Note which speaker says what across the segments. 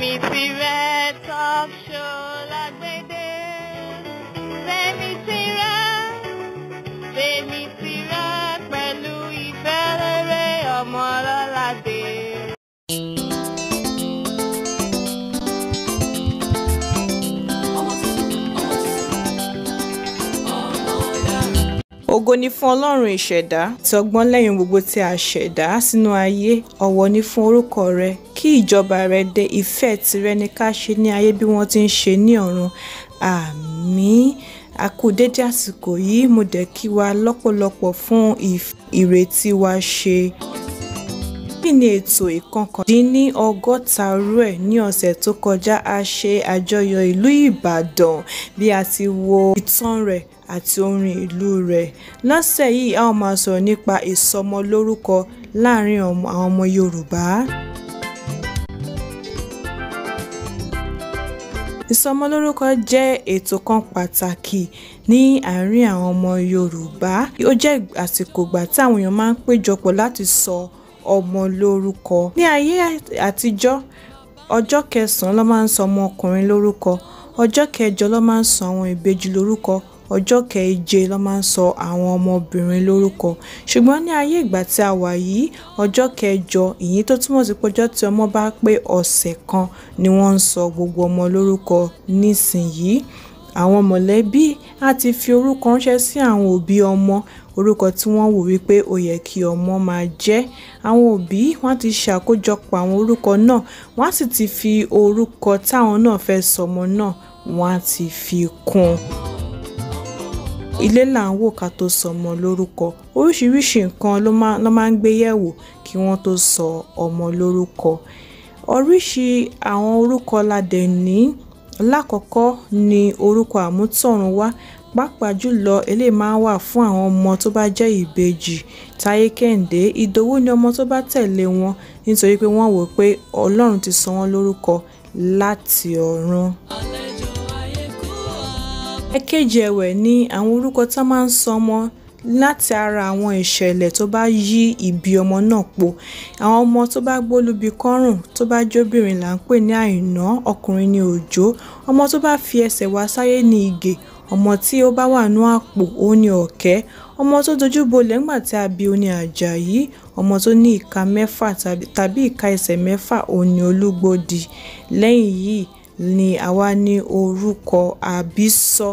Speaker 1: Thank you. talk show ògo ni fún ọlọ́run ìṣẹ̀dá tọgbọ́n lẹ́yìn gbogbo tí a ṣẹ̀dá sínú ayé ọ̀wọ̀ ni fún orúkọ rẹ kí ìjọba rẹ dé ìfẹ́ tìrẹ ní ká ṣe ní ayé bí wọ́n ti ń ṣe ní ọ̀run àmín a àsìkò yìí mo dẹ̀ kí wa lọ́pọ̀lọpọ̀ fún ìrètí wa ṣe kí ni ètò ìkọkàndínní ọgọ́ta rẹ̀ ní ọ̀sẹ̀ tó kọjá a ṣe àjọyọ̀ ìlú Ìbàdàn bí a ti wo ìtàn rẹ̀ àti orin ìlú rẹ̀. Lọ́sẹ̀ yìí a ó máa sọ̀rọ̀ nípa ìsọmọlórúkọ láàárín àwọn ọmọ Yorùbá. Ìsọmọlórúkọ jẹ́ ètò kan pàtàkì ní àárín àwọn ọmọ Yorùbá. Ó jẹ́ àsìkò ìgbà tí àwọn èèyàn máa ń péjọpọ̀ láti sọ ọmọ lórúkọ. Ní ayé àtijọ́, ọjọ́ kẹsàn-án ló máa ń sọ ọmọ ọkùnrin lórúkọ, ọjọ́ kẹjọ ló máa ń sọ àwọn ìbejì lórúkọ, ọjọ́ keje ló máa ń sọ àwọn ọmọbìnrin lórúkọ ṣùgbọ́n ní ayé ìgbà tí a wà yìí ọjọ́ kẹjọ ìyí tó túmọ̀ sí pọ́jọ́ tí ọmọ bá pé ọ̀sẹ̀ kan ni wọ́n ń sọ gbogbo ọmọ lórúkọ nísìnyìí àwọn mọ̀lẹ́bí á ti fi orúkọ ránṣẹ́ sí àwọn òbí ọmọ orúkọ tí wọ́n wò wípé ó yẹ kí ọmọ máa jẹ́ àwọn òbí wọ́n ti ṣàkójọpọ̀ àwọn orúkọ náà wọ́n á sì ti fi orúkọ táwọn náà fẹ́ sọmọ náà wọ́n á ti fi kún un ilé là ń wò ká tó sọmọ lórúkọ oríṣiríṣi nǹkan ló máa ń gbé yẹ̀wò kí wọ́n tó sọ ọmọ lórúkọ oríṣi àwọn orúkọ la dẹ̀ ní lákọ̀ọ́kọ́ ni orúkọ àmútọ̀runwá pàápàá jùlọ eléyìí máa ń wà fún àwọn ọmọ tó bá jẹ́ ìbejì táyé kẹ́hìndé ìdòwú ni ọmọ tó bá tẹ̀lé wọn nítorí pé wọ́n wò pé ọlọ́run ti sọ wọ́n lórúkọ láti ọ̀run. Èkejì ẹ̀wẹ̀ ni àwọn orúkọ tí wọ́n máa ń sọ ọmọ láti ara àwọn ìṣẹ̀lẹ̀ tó bá yí ìbí ọmọ náà po. Àwọn ọmọ tó bá gbólúbi-kọ́rùn tó bá jóbìnrin là ń pè ní Àìná, ọkùnrin ni Òjó. Ọmọ tó bá fi ẹsẹ̀ wá sáyé ni Ìgè, ọmọ tí ó bá wà nínú àpò òun ni Ọ̀kẹ́, ọmọ tó dojúbolẹ̀ nígbà tí a bí òun ni Àjàyí, ọmọ tó ní ìka mẹ́fà tàbí ìka ẹsẹ̀ mẹ́fà òun ni Olúgbòdì. Lẹ́yìn yìí ni àwa ní orúkọ àbísọ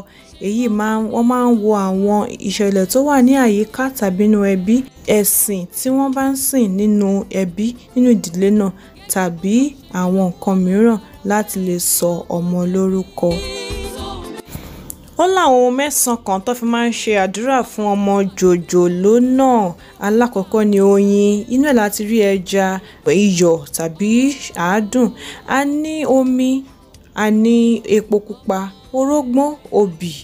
Speaker 1: èyí máa máa ń wo àwọn ìṣẹ̀lẹ̀ tó wà ní àyíká tàbí nínú ẹbí ẹ̀sìn tí wọ́n bá ń sìn nínú ẹbí nínú ìdílé náà tàbí àwọn nǹkan mìíràn láti lè sọ ọmọ lórúkọ ó láwọn ohun mẹ́sàn-án kan tó fi máa ń ṣe àdúrà fún ọmọ jòjòló náà alákọ̀ọ́kọ́ ni oyin inú ẹ̀ láti rí ẹja iyọ̀ tàbí àádùn a ní omi a ní epo pupa orógbón obì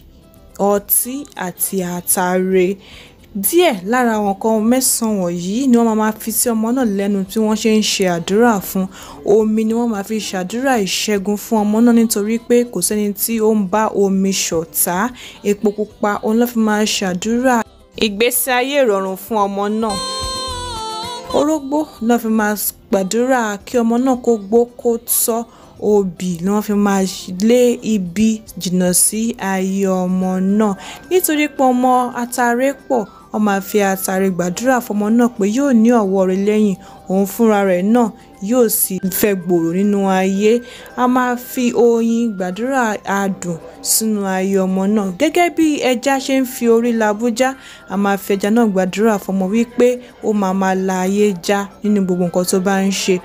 Speaker 1: ọtí àti àtàrè díẹ̀ lára àwọn nǹkan mẹ́sàn-án wọ̀nyí ni wọ́n máa ma fi sí ọmọ náà lẹ́nu tí wọ́n ṣe ń ṣe àdúrà fún omi ni wọ́n máa fi ṣàdúrà ìṣẹ́gun fún ọmọ náà nítorí pé kò sẹ́ni tí ó ń bá omi ṣọ̀tá epo pupa òun ló fi máa ṣàdúrà ìgbésí ayé ìrọ̀rùn fún ọmọ náà orógbó ló fi máa gbàdúrà kí ọmọ náà kó gbó kó tọ́ òbí ni wọ́n fi máa lé ibi jìnnà sí ayé ọmọ náà nítorí pé ọmọ atàrẹ pọ̀ wọ́n máa fi àtàrí gbàdúrà fọmọ náà pé yóò ní ọ̀wọ́ rẹ̀ lẹ́yìn òun fúnra rẹ̀ náà yóò sì fẹ́ gbòòrò nínú ayé a máa fi oyin gbàdúrà adùn sínú ayé ọmọ náà gẹ́gẹ́ bí ẹja ṣe ń fi orí labújá a máa fi ẹja náà gbàdúrà fọmọ wípé ó máa máa la ayé já nínú gbogbo nǹkan tó bá ń ṣe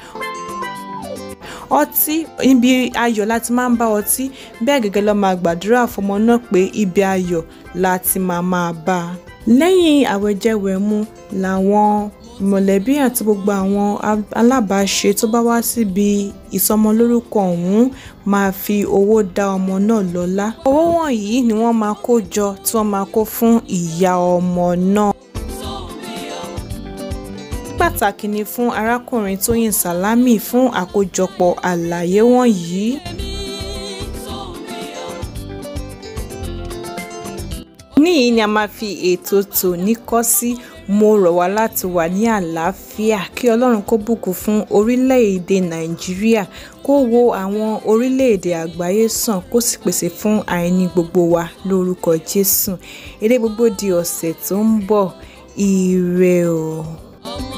Speaker 1: ọtí ibi ayọ̀ láti máa ń bá ọtí bẹ́ẹ̀ gẹ́gẹ́ ló máa gbàdúrà fọmọ náà pé ibi ayọ̀ láti máa máa bá a lẹ́yìn àwẹ̀jẹwẹ̀mu làwọn mọ̀lẹ́bí àti gbogbo àwọn alábàáṣe tó bá wá síbi ìsọmọlórúkọ ọ̀hún máa fi owó dá ọmọ náà lọ́lá. owó wọ̀nyí ni wọ́n máa kó jọ tí wọ́n máa kó fún ìyá ọmọ náà pàtàkì ni fún arákùnrin Tóyìn Sàlámì fún àkójọpọ̀ àlàyé wọ̀nyí. níyìí ni a máa fi ètò tòní kọ́ sí mo rọ̀ wá láti wà ní àlàáfíà kí ọlọ́run kó bùkún fún orílẹ̀-èdè nàìjíríà kó wo àwọn orílẹ̀-èdè àgbáyé sàn kó sì pèsè fún àìní gbogbo wa lórúkọ jésù eré gbogbo di ọ̀sẹ̀ tó ń bọ̀ ire o. ọmọ